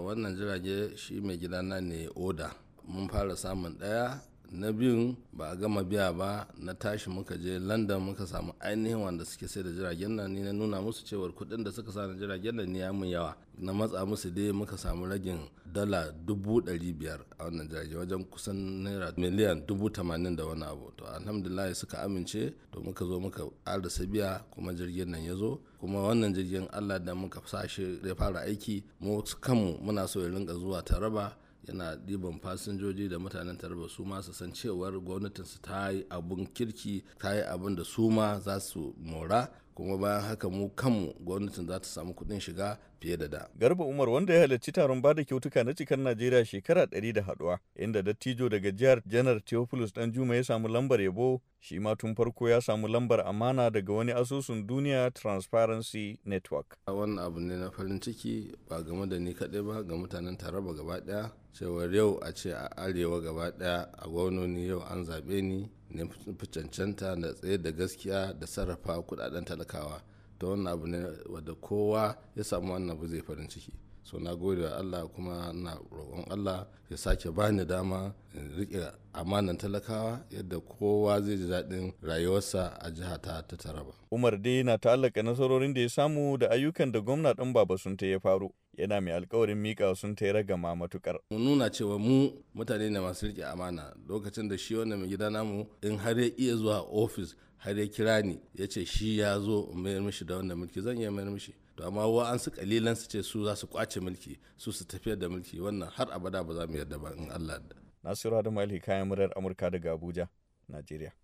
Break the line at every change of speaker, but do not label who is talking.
wannan jirage shi mai gidana ne oda mun fara samun ɗaya na biyun ba a gama biya ba na tashi muka je london muka samu ainihin wanda suke sai da jiragen nan ni na nuna musu cewar kuɗin da suka sa na jiragen nan ne ya mun yawa na matsa musu dai muka samu ragin dala dubu ɗari biyar a wannan jirage wajen kusan naira miliyan dubu tamanin da wani abu to alhamdulillah suka amince to muka zo muka arasa biya kuma jirgin nan ya zo kuma wannan jirgin allah da muka sashi ya fara aiki mu kanmu muna so ya rinka zuwa taraba yana ɗiban fasinjoji da mutanen tarba su ma su san cewar gwamnatinsu ta yi abun kirki ta yi abun da su ma za su mora
kuma bayan haka mu kanmu gwamnatin za ta samu kuɗin shiga fiye da da. Garba Umar wanda ya halarci taron bada kyautuka na cikar Najeriya shekara ɗari da haɗuwa inda dattijo daga jihar Janar Theophilus Danjuma ya samu lambar yabo shi ma tun farko ya samu lambar amana daga wani asusun duniya Transparency Network. Wannan abu ne na farin ciki ba game da ni kaɗai
ba ga mutanen Taraba gaba ɗaya cewar yau a ce a arewa gaba ɗaya a gwamnoni yau an zaɓe ni ne fi cancanta na tsaye da gaskiya da sarrafa kudaden talakawa ta wannan abu ne wadda kowa ya samu wannan abu zai farin ciki so na gode wa allah kuma na roƙon allah ya sake bani dama in riƙe amanan
talakawa yadda kowa zai ji daɗin rayuwarsa a jiha
ta ta taraba
umar dai na ta'allaka nasarorin da ya samu da ayyukan da gwamna ɗan baba sun ta ya faru yana mai alkawarin mika sun ta ragama matukar. Mu nuna cewa mu mutane ne masu rike amana lokacin da
shi wannan mai gida namu in har ya iya zuwa ofis har ya kira ni ya ce shi ya zo mayar mishi da wannan mulki zan iya mayar mishi. to amma wa an su kalilan su ce su za su kwace mulki
su su tafiyar da mulki wannan har abada ba za mu yarda ba in Allah da Nasiru Adamu Ali kayan murar Amurka daga Abuja Najeriya